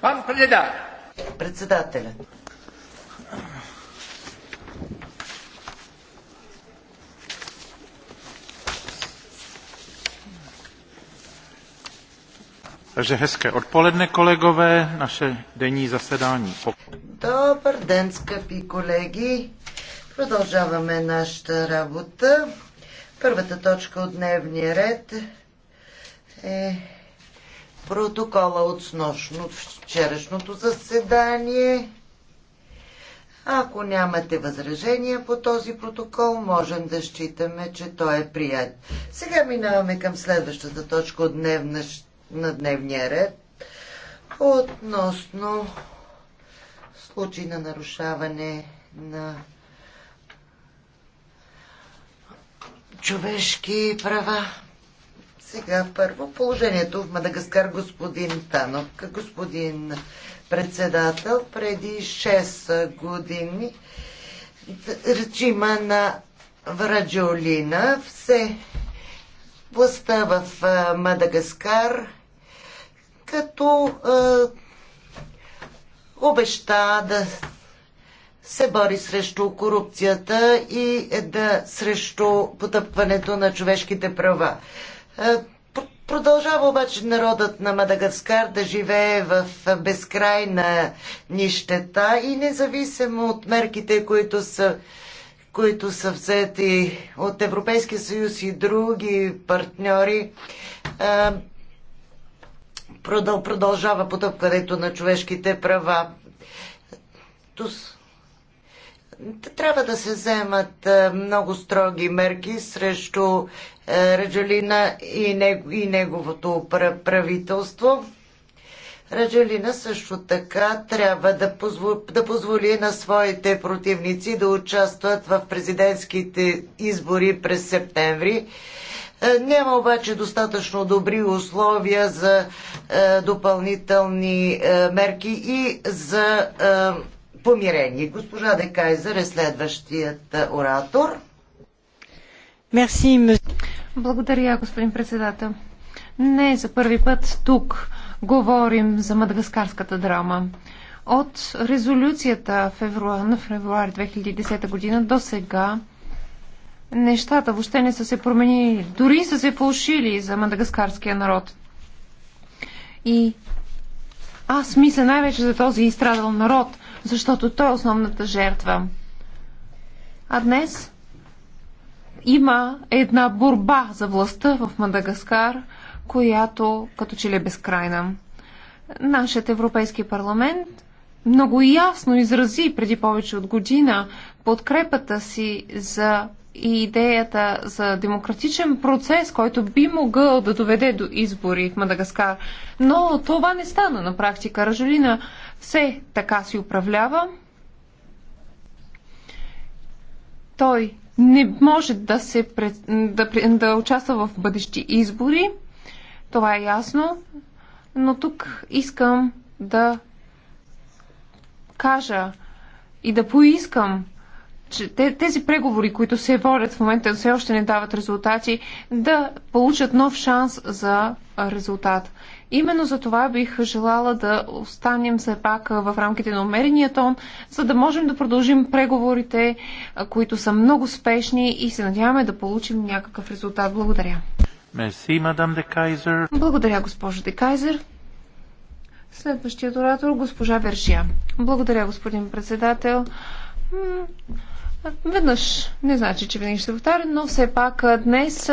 Пан Преда. Председателя. Takže hezké odpoledne, kolegové, naše denní zasedání. Добър ден, скъпи колеги! Продължаваме нашата работа. Първата точка от дневния ред е протокола от снощно вчерашното заседание. Ако нямате възражения по този протокол, можем да считаме, че той е прият. Сега минаваме към следващата точка от дневна, на дневния ред относно случай на нарушаване на човешки права. Сега първо положението в Мадагаскар, господин Танов, господин председател, преди 6 години режима на Враджолина все властта в Мадагаскар като обеща да се бори срещу корупцията и е да срещу потъпването на човешките права. Е, продължава обаче народът на Мадагаскар да живее в безкрайна нищета и независимо от мерките, които са, които са взети от Европейския съюз и други партньори, е, продължава потъпкането на човешките права трябва да се вземат е, много строги мерки срещу е, Раджалина и неговото правителство. Раджалина също така трябва да позволи, да позволи на своите противници да участват в президентските избори през септември. Е, няма обаче достатъчно добри условия за допълнителни мерки и за помирение. Госпожа Декайзер е следващият е, оратор. Мерси. Благодаря, господин председател. Не за първи път тук говорим за мадагаскарската драма. От резолюцията февруар, на февруари 2010 година до сега нещата въобще не са се променили. Дори са се фалшили за мадагаскарския народ. И аз мисля най-вече за този изстрадал народ, защото той е основната жертва. А днес има една борба за властта в Мадагаскар, която като че ли е безкрайна. Нашият Европейски парламент много ясно изрази преди повече от година подкрепата си за и идеята за демократичен процес, който би могъл да доведе до избори в Мадагаскар. Но това не стана на практика. Ражолина все така си управлява. Той не може да, се, да, да участва в бъдещи избори. Това е ясно. Но тук искам да кажа и да поискам, че тези преговори, които се водят в момента, все още не дават резултати, да получат нов шанс за резултат. Именно за това бих желала да останем все пак в рамките на умерения тон, за да можем да продължим преговорите, които са много спешни и се надяваме да получим някакъв резултат. Благодаря. Merci, мадам де Кайзер. Благодаря, госпожо де Кайзер. Следващият оратор, госпожа Вержия. Благодаря, господин председател. Веднъж не значи, че винаги ще повтаря, но все пак днес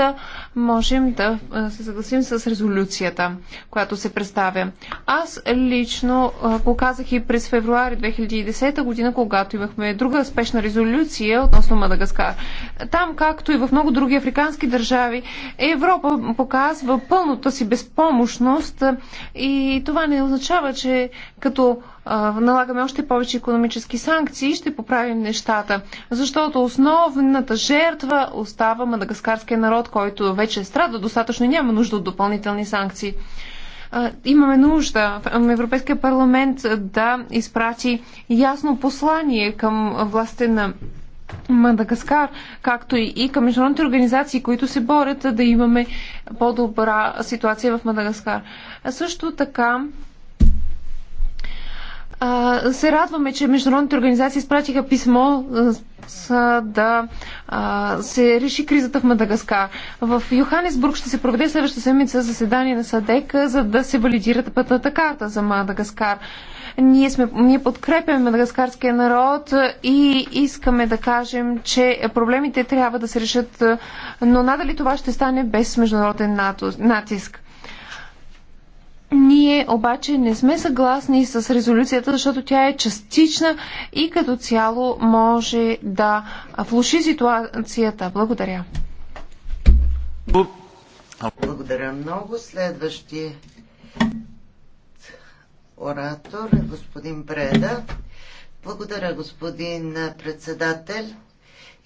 можем да се съгласим с резолюцията, която се представя. Аз лично го казах и през февруари 2010 година, когато имахме друга спешна резолюция относно Мадагаскар. Там, както и в много други африкански държави, Европа показва пълната си безпомощност и това не означава, че като налагаме още повече економически санкции и ще поправим нещата. Защото основната жертва остава мадагаскарския народ, който вече страда достатъчно и няма нужда от допълнителни санкции. Имаме нужда Европейския парламент да изпрати ясно послание към властите на Мадагаскар, както и към международните организации, които се борят да имаме по-добра ситуация в Мадагаскар. А също така а, се радваме, че международните организации изпратиха писмо за да а, се реши кризата в Мадагаскар. В Йоханесбург ще се проведе следващата седмица заседание на САДЕК, за да се валидира пътната карта за Мадагаскар. Ние, сме, ние подкрепяме мадагаскарския народ и искаме да кажем, че проблемите трябва да се решат, но надали това ще стане без международен натиск. Ние обаче не сме съгласни с резолюцията, защото тя е частична и като цяло може да влуши ситуацията. Благодаря. Благодаря много. Следващия оратор е господин Преда. Благодаря, господин председател.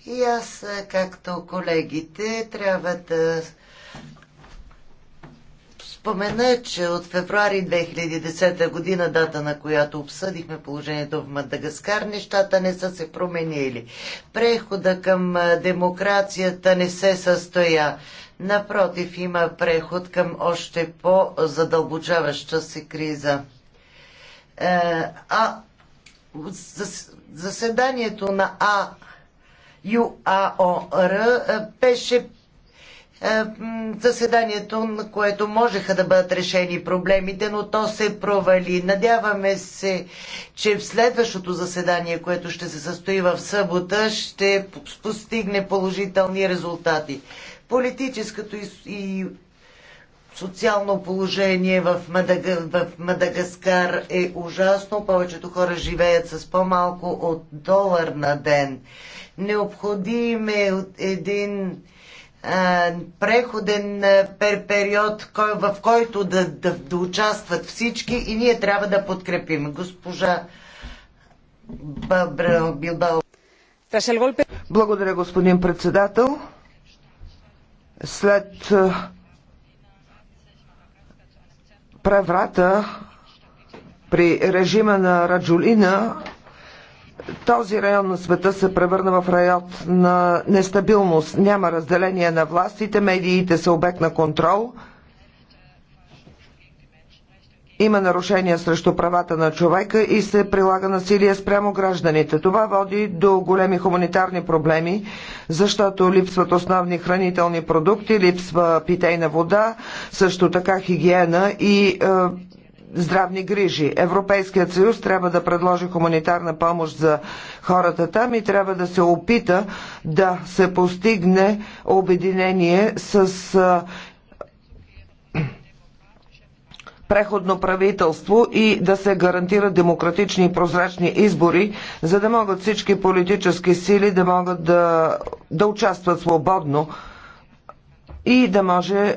И аз, както колегите, трябва да спомена, че от февруари 2010 година, дата на която обсъдихме положението в Мадагаскар, нещата не са се променили. Прехода към демокрацията не се състоя. Напротив, има преход към още по-задълбочаваща се криза. Е, а заседанието на АЮАОР е, беше е, заседанието, на което можеха да бъдат решени проблемите, но то се провали. Надяваме се, че в следващото заседание, което ще се състои в събота, ще постигне положителни резултати. Политическото и, социално положение в, Мадага, в Мадагаскар е ужасно. Повечето хора живеят с по-малко от долар на ден. Необходим е един преходен период, в който да, да, да участват всички и ние трябва да подкрепим. Госпожа Бабра Билбао. Благодаря, господин председател. След преврата при режима на Раджулина този район на света се превърна в район на нестабилност. Няма разделение на властите, медиите са обект на контрол. Има нарушения срещу правата на човека и се прилага насилие спрямо гражданите. Това води до големи хуманитарни проблеми, защото липсват основни хранителни продукти, липсва питейна вода, също така хигиена и е, здравни грижи. Европейският съюз трябва да предложи хуманитарна помощ за хората там и трябва да се опита да се постигне обединение с преходно правителство и да се гарантират демократични и прозрачни избори, за да могат всички политически сили да могат да, да участват свободно и да може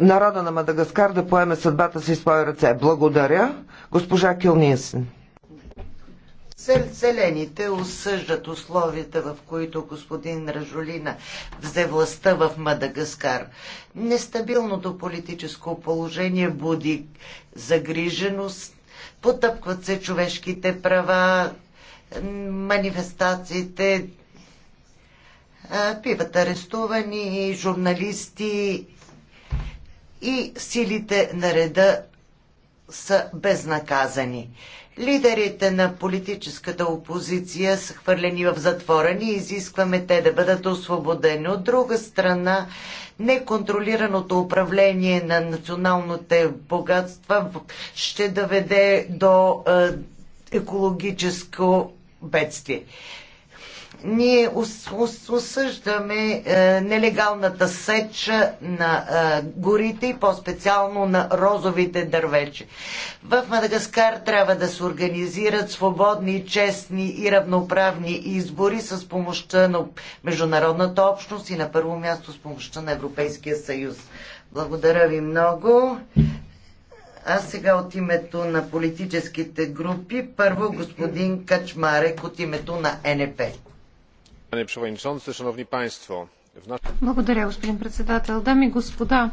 народа на Мадагаскар да поеме съдбата си в свои ръце. Благодаря, госпожа Килнинсен. Селените осъждат условията, в които господин Ражолина взе властта в Мадагаскар. Нестабилното политическо положение буди загриженост, потъпкват се човешките права, манифестациите, биват арестувани журналисти и силите на реда са безнаказани. Лидерите на политическата опозиция са хвърлени в затвора. Ние изискваме те да бъдат освободени. От друга страна, неконтролираното управление на националните богатства ще доведе до екологическо бедствие. Ние осъждаме е, нелегалната сеча на е, горите и по-специално на розовите дървечи. В Мадагаскар трябва да се организират свободни, честни и равноправни избори с помощта на международната общност и на първо място с помощта на Европейския съюз. Благодаря ви много. А сега от името на политическите групи, първо господин Качмарек от името на НП. Благодаря, господин председател. Дами и господа,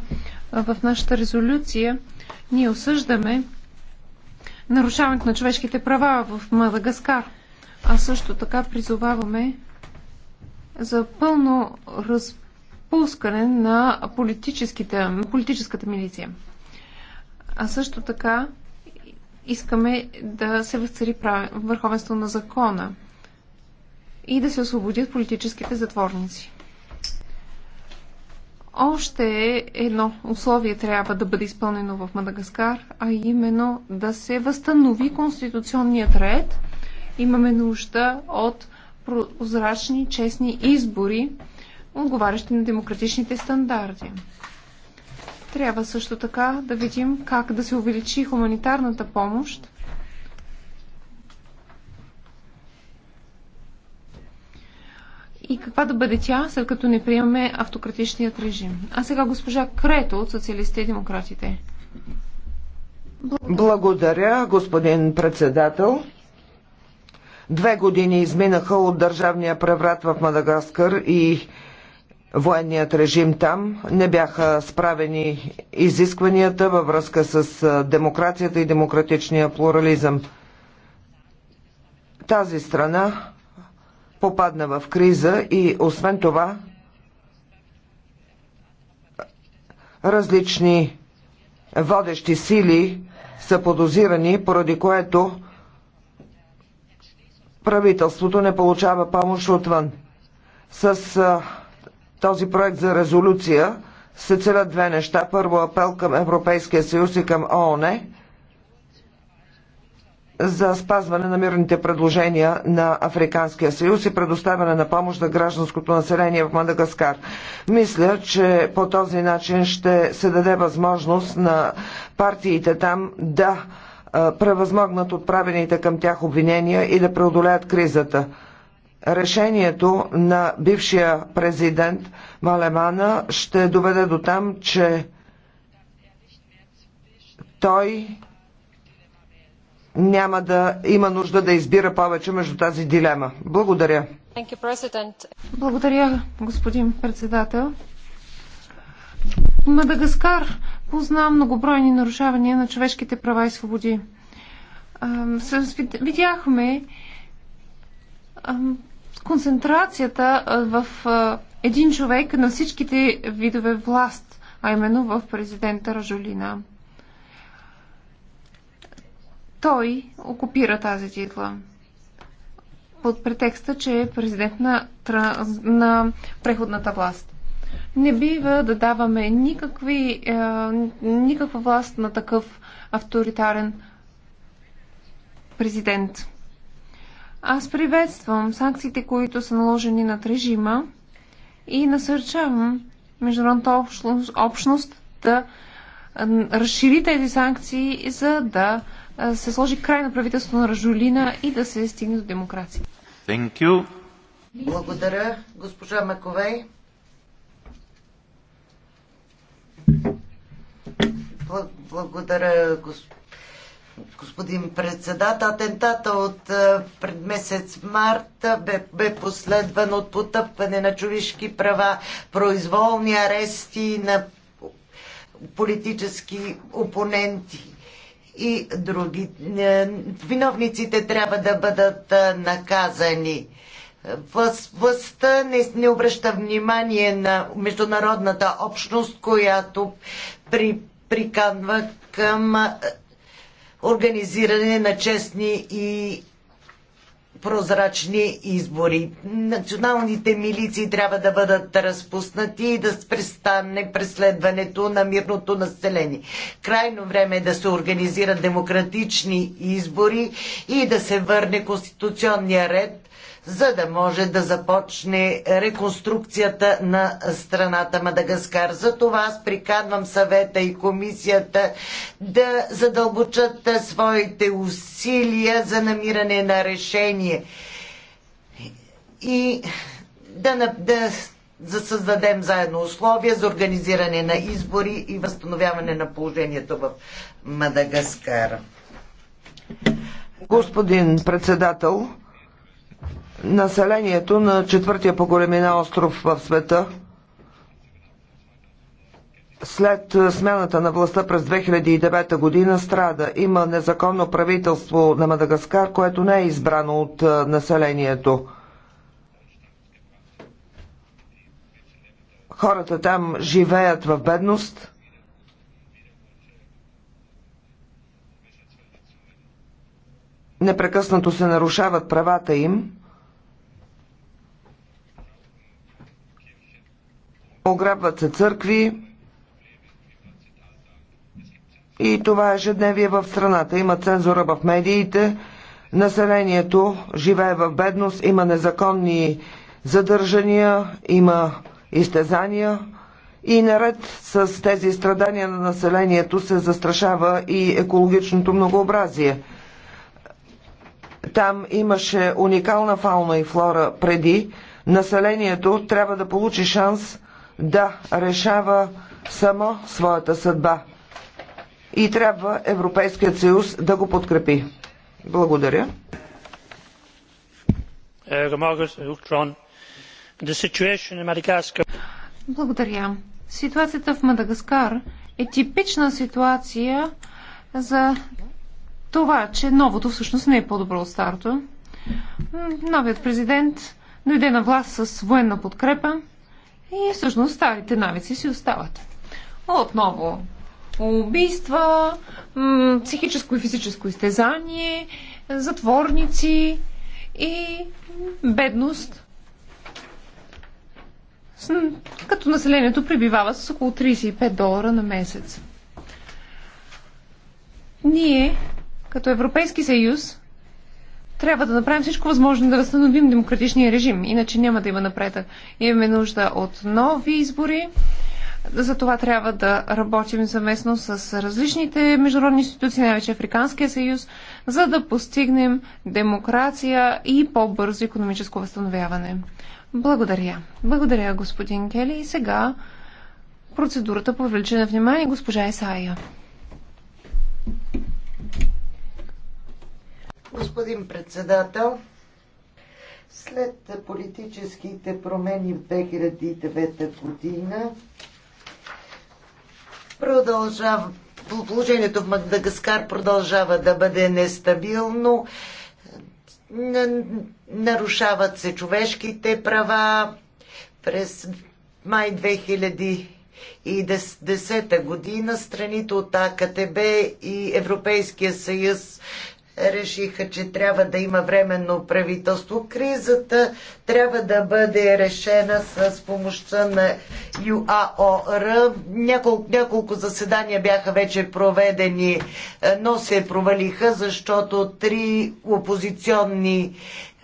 в нашата резолюция ние осъждаме нарушаването на човешките права в Мадагаскар, а също така призоваваме за пълно разпускане на политическата милиция. А също така искаме да се възцари върховенство на закона и да се освободят политическите затворници. Още едно условие трябва да бъде изпълнено в Мадагаскар, а именно да се възстанови конституционният ред. Имаме нужда от прозрачни, честни избори, отговарящи на демократичните стандарти. Трябва също така да видим как да се увеличи хуманитарната помощ и каква да бъде тя, след като не приемаме автократичният режим. А сега госпожа Крето от Социалистите и демократите. Благодаря. Благодаря, господин председател. Две години изминаха от държавния преврат в Мадагаскар и военният режим там. Не бяха справени изискванията във връзка с демокрацията и демократичния плурализъм. Тази страна попадна в криза и освен това различни водещи сили са подозирани, поради което правителството не получава помощ отвън. С а, този проект за резолюция се целят две неща. Първо апел към Европейския съюз и към ООН за спазване на мирните предложения на Африканския съюз и предоставяне на помощ на гражданското население в Мадагаскар. Мисля, че по този начин ще се даде възможност на партиите там да превъзмогнат отправените към тях обвинения и да преодолеят кризата. Решението на бившия президент Малемана ще доведе до там, че той няма да има нужда да избира повече между тази дилема. Благодаря. Благодаря, господин председател. Мадагаскар позна многобройни нарушавания на човешките права и свободи. Видяхме концентрацията в един човек на всичките видове власт, а именно в президента Ражолина той окупира тази титла под претекста, че е президент на, на преходната власт. Не бива да даваме никакви, е, никаква власт на такъв авторитарен президент. Аз приветствам санкциите, които са наложени над режима и насърчавам международната общност, общност да разшири тези санкции, за да се сложи край на правителството на Ражулина и да се стигне до демокрация. Thank you. Благодаря, госпожа Маковей. Благодаря, господин председател. Атентата от пред месец март бе, бе последван от потъпване на човешки права, произволни арести на политически опоненти и други. Е, виновниците трябва да бъдат е, наказани. Властта не, не обръща внимание на международната общност, която при, приканва към е, организиране на честни и прозрачни избори. Националните милиции трябва да бъдат разпуснати и да престане преследването на мирното население. Крайно време е да се организират демократични избори и да се върне конституционния ред за да може да започне реконструкцията на страната Мадагаскар. За това аз приканвам съвета и комисията да задълбочат своите усилия за намиране на решение и да, да да създадем заедно условия за организиране на избори и възстановяване на положението в Мадагаскар. Господин председател, населението на четвъртия по големина остров в света след е, смяната на властта през 2009 година страда. Има незаконно правителство на Мадагаскар, което не е избрано от е, населението. Хората там живеят в бедност. Непрекъснато се нарушават правата им. ограбват се църкви и това е ежедневие в страната. Има цензура в медиите, населението живее в бедност, има незаконни задържания, има изтезания и наред с тези страдания на населението се застрашава и екологичното многообразие. Там имаше уникална фауна и флора преди. Населението трябва да получи шанс да решава само своята съдба. И трябва Европейският съюз да го подкрепи. Благодаря. Е, е, Благодаря. Ситуацията в Мадагаскар е типична ситуация за това, че новото всъщност не е по-добро от старото. Новият президент дойде на власт с военна подкрепа, и всъщност старите навици си остават. Отново убийства, психическо и физическо изтезание, затворници и бедност. Като населението прибивава с около 35 долара на месец. Ние, като Европейски съюз, трябва да направим всичко възможно да възстановим демократичния режим, иначе няма да има напредък. Имаме нужда от нови избори. За това трябва да работим съвместно с различните международни институции, най-вече Африканския съюз, за да постигнем демокрация и по-бързо економическо възстановяване. Благодаря. Благодаря, господин Кели. И сега процедурата по на внимание госпожа Исаия. Господин председател, след политическите промени в 2009 година продължав... положението в Мадагаскар продължава да бъде нестабилно. Нарушават се човешките права. През май 2010 година страните от АКТБ и Европейския съюз решиха, че трябва да има временно правителство. Кризата трябва да бъде решена с помощта на ЮАОР. Няколко, няколко заседания бяха вече проведени, е, но се провалиха, защото три опозиционни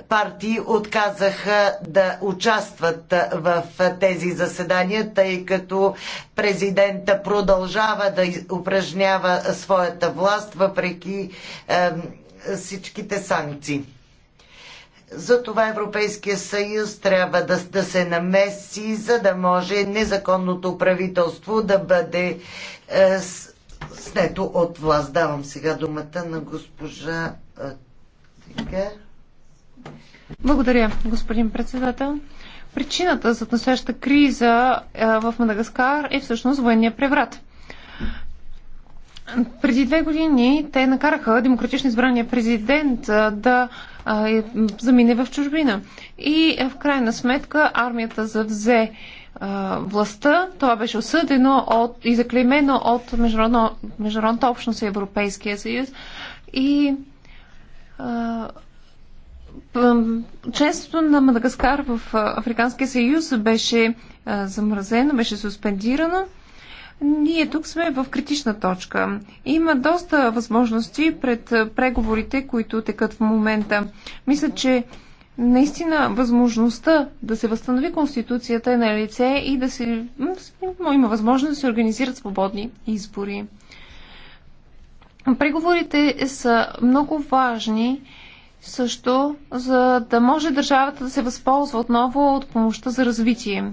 партии отказаха да участват е, в тези заседания, тъй като президента продължава да упражнява своята власт, въпреки е, всичките санкции. Затова Европейския съюз трябва да, да се намеси, за да може незаконното правителство да бъде е, снето от власт. Давам сега думата на госпожа е, Тига. Благодаря, господин председател. Причината за настоящата криза е, в Мадагаскар е всъщност военния преврат. Преди две години те накараха демократично избрания президент да е, замине в чужбина. И е, в крайна сметка армията завзе властта. Това беше осъдено от, и заклеймено от международно, Международната общност и Европейския съюз. И членството на Мадагаскар в Африканския съюз беше а, замразено, беше суспендирано. Ние тук сме в критична точка. Има доста възможности пред преговорите, които текат в момента. Мисля, че наистина възможността да се възстанови конституцията е на лице и да се има възможност да се организират свободни избори. Преговорите са много важни също, за да може държавата да се възползва отново от помощта за развитие.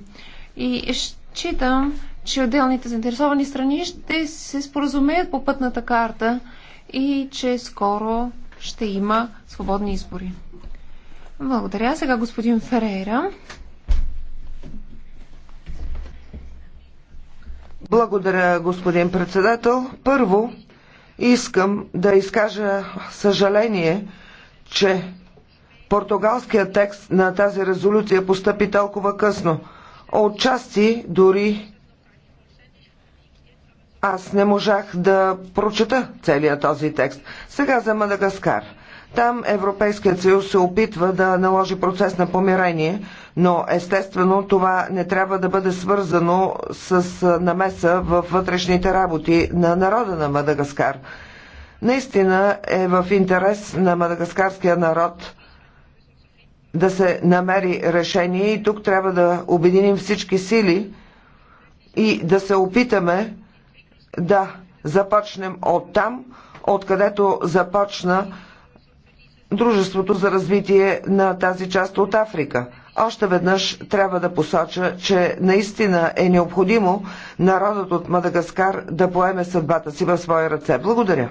И считам, че отделните заинтересовани страни ще се споразумеят по пътната карта и че скоро ще има свободни избори. Благодаря. Сега господин Ферейра. Благодаря, господин председател. Първо, искам да изкажа съжаление, че португалският текст на тази резолюция постъпи толкова късно. Отчасти дори аз не можах да прочета целият този текст. Сега за Мадагаскар. Там Европейският съюз се опитва да наложи процес на помирение, но естествено това не трябва да бъде свързано с намеса в вътрешните работи на народа на Мадагаскар. Наистина е в интерес на мадагаскарския народ да се намери решение и тук трябва да обединим всички сили и да се опитаме да започнем от там, откъдето започна Дружеството за развитие на тази част от Африка. Още веднъж трябва да посоча, че наистина е необходимо народът от Мадагаскар да поеме съдбата си в своя ръце. Благодаря.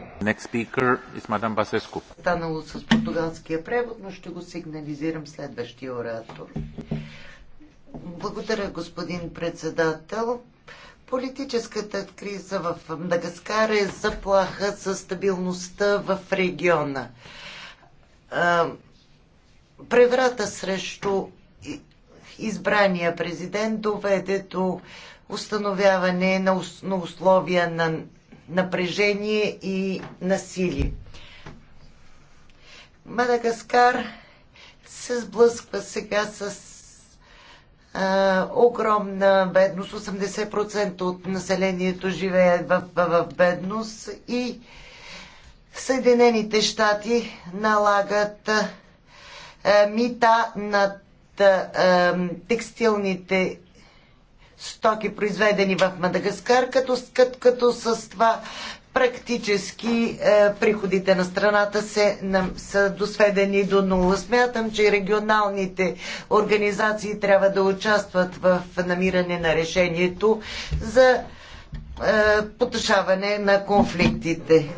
Станало с португалския превод, но ще го сигнализирам следващия оратор. Благодаря, господин председател. Политическата криза в Мадагаскар е заплаха за стабилността в региона. Преврата срещу избрания президент доведе до установяване на, условия на напрежение и насилие. Мадагаскар се сблъсква сега с огромна бедност. 80% от населението живее в, в, в бедност и Съединените щати налагат а, мита над а, текстилните стоки, произведени в Мадагаскар, като, като, като с това практически е, приходите на страната се, на, са досведени до нула. Смятам, че регионалните организации трябва да участват в намиране на решението за е, потушаване на конфликтите.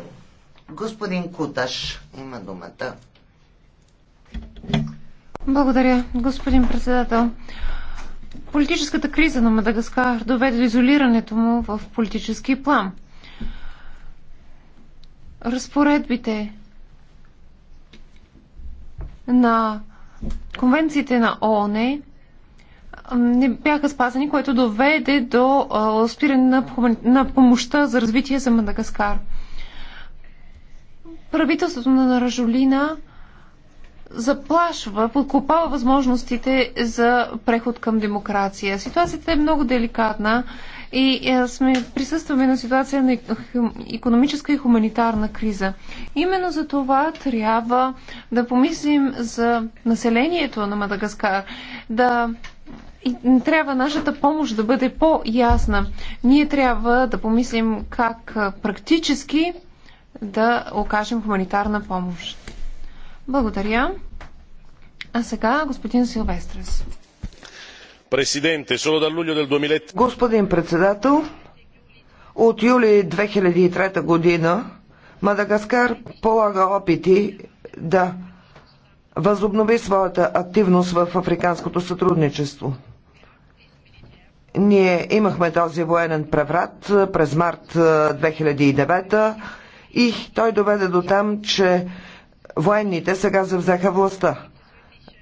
Господин Куташ има думата. Благодаря, господин председател. Политическата криза на Мадагаскар доведе до изолирането му в политически план – разпоредбите на конвенциите на ООН не бяха спазени, което доведе до спиране на, помощта за развитие за Мадагаскар. Правителството на Наражолина заплашва, подкопава възможностите за преход към демокрация. Ситуацията е много деликатна и е, сме, присъстваме на ситуация на економическа и хуманитарна криза. Именно за това трябва да помислим за населението на Мадагаскар, да и трябва нашата помощ да бъде по-ясна. Ние трябва да помислим как е, практически да окажем хуманитарна помощ. Благодаря. А сега господин Силвестрес. Господин председател, от юли 2003 година Мадагаскар полага опити да възобнови своята активност в африканското сътрудничество. Ние имахме този военен преврат през март 2009 и той доведе до там, че военните сега завзеха властта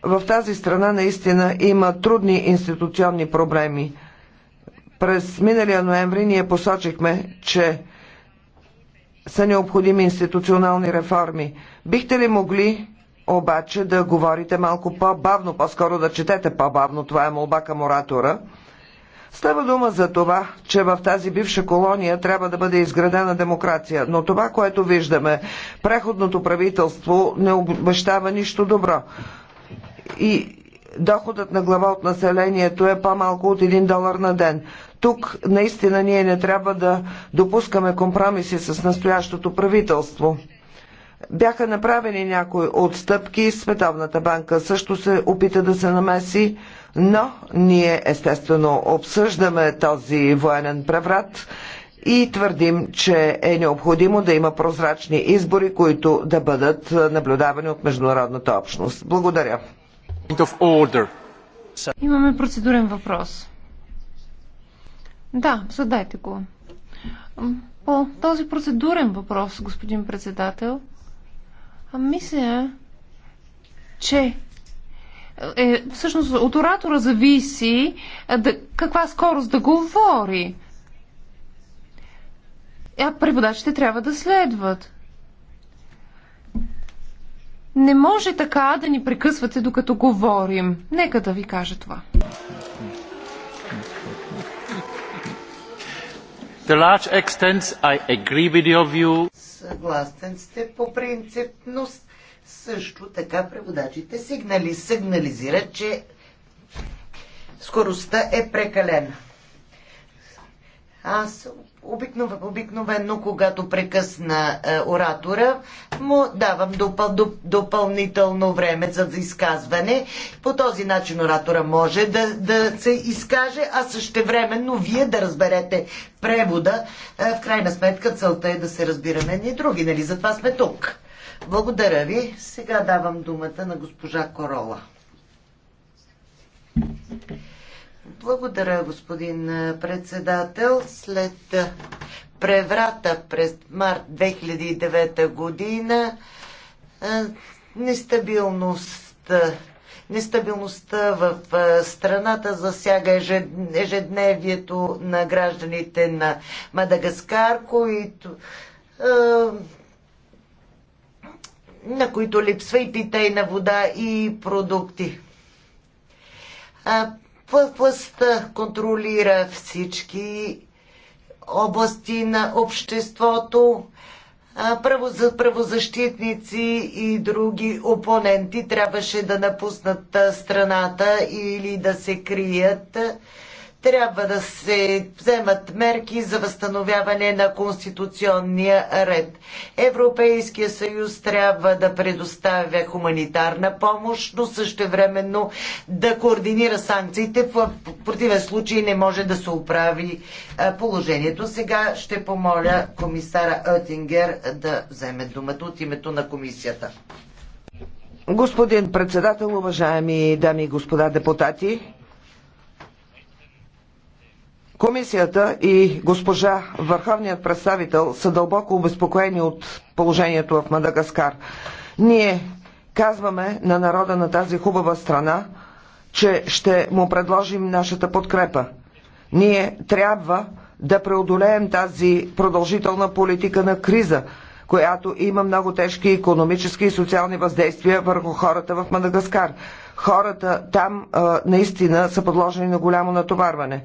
в тази страна наистина има трудни институционни проблеми. През миналия ноември ние посочихме, че са необходими институционални реформи. Бихте ли могли обаче да говорите малко по-бавно, по-скоро да четете по-бавно, това е молба към оратора. Става дума за това, че в тази бивша колония трябва да бъде изградена демокрация, но това, което виждаме, преходното правителство не обещава нищо добро и доходът на глава от населението е по-малко от 1 долар на ден. Тук наистина ние не трябва да допускаме компромиси с настоящото правителство. Бяха направени някои отстъпки, Световната банка също се опита да се намеси, но ние естествено обсъждаме този военен преврат и твърдим, че е необходимо да има прозрачни избори, които да бъдат е, наблюдавани от международната общност. Благодаря. Имаме процедурен въпрос. Да, задайте го. По този процедурен въпрос, господин председател, мисля, че е, всъщност от оратора зависи е, да, каква скорост да говори а е, преводачите трябва да следват. Не може така да ни прекъсвате докато говорим. Нека да ви кажа това. The large extent I agree with your view. Съгласен сте по принцип, но също така преводачите сигнали, сигнализират, че скоростта е прекалена. Аз Обикновено, когато прекъсна е, оратора, му давам допъл, доп, допълнително време за изказване. По този начин оратора може да, да се изкаже, а същевременно вие да разберете превода. Е, в крайна сметка целта е да се разбираме ни други, нали? Затова сме тук. Благодаря ви. Сега давам думата на госпожа Корола. Благодаря, господин председател. След преврата през март 2009 година нестабилност Нестабилността в страната засяга ежедневието на гражданите на Мадагаскар, които, на които липсва и питейна вода и продукти. Властта контролира всички области на обществото. Правозащитници и други опоненти трябваше да напуснат страната или да се крият трябва да се вземат мерки за възстановяване на конституционния ред. Европейския съюз трябва да предоставя хуманитарна помощ, но същевременно да координира санкциите. В противен случай не може да се оправи положението. Сега ще помоля комисара Оттингер да вземе думата от името на комисията. Господин председател, уважаеми дами и господа депутати, Комисията и госпожа Върховният представител са дълбоко обезпокоени от положението в Мадагаскар. Ние казваме на народа на тази хубава страна, че ще му предложим нашата подкрепа. Ние трябва да преодолеем тази продължителна политика на криза, която има много тежки економически и социални въздействия върху хората в Мадагаскар. Хората там а, наистина са подложени на голямо натоварване.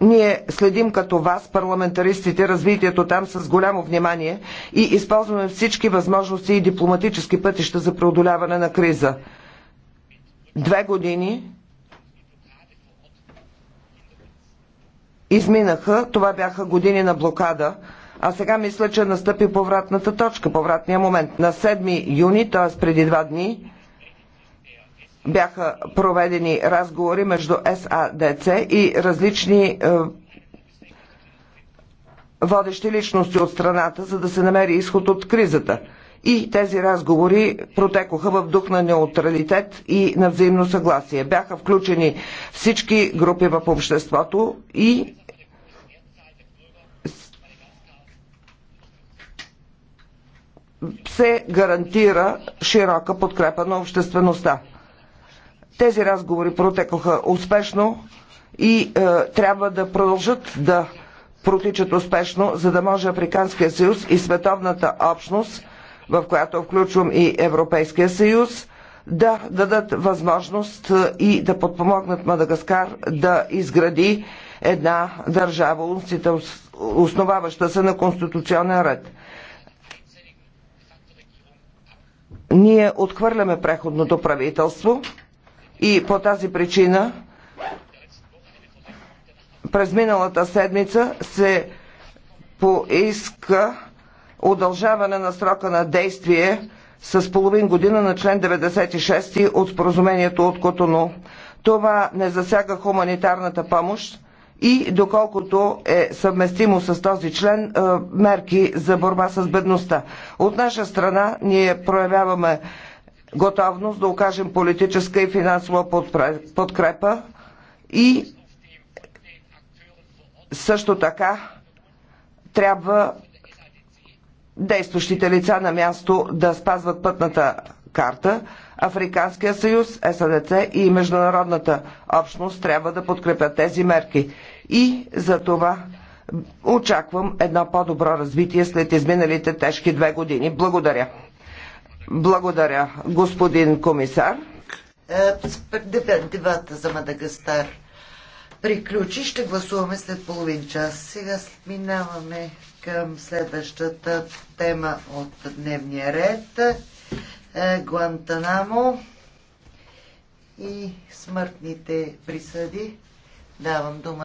Ние следим като вас, парламентаристите, развитието там с голямо внимание и използваме всички възможности и дипломатически пътища за преодоляване на криза. Две години изминаха, това бяха години на блокада, а сега мисля, че настъпи повратната точка, повратния момент. На 7 юни, т.е. преди два дни, бяха проведени разговори между САДЦ и различни е, водещи личности от страната, за да се намери изход от кризата. И тези разговори протекоха в дух на неутралитет и на взаимно съгласие. Бяха включени всички групи в обществото и се гарантира широка подкрепа на обществеността. Тези разговори протекоха успешно и е, трябва да продължат да протичат успешно, за да може Африканския съюз и световната общност, в която включвам и Европейския съюз, да дадат възможност е, и да подпомогнат Мадагаскар да изгради една държава, основаваща се на конституционен ред. Ние отхвърляме преходното правителство. И по тази причина през миналата седмица се поиска удължаване на срока на действие с половин година на член 96 от споразумението от Котоно. Това не засяга хуманитарната помощ и доколкото е съвместимо с този член е, мерки за борба с бедността. От наша страна ние проявяваме готовност да окажем политическа и финансова подкрепа и също така трябва действащите лица на място да спазват пътната карта. Африканския съюз, САДЦ и международната общност трябва да подкрепят тези мерки. И за това очаквам едно по-добро развитие след изминалите тежки две години. Благодаря. Благодаря, господин комисар. Е, дебата за Мадагастар приключи. Ще гласуваме след половин час. Сега минаваме към следващата тема от дневния ред. Е, Гуантанамо и смъртните присъди. Давам дума.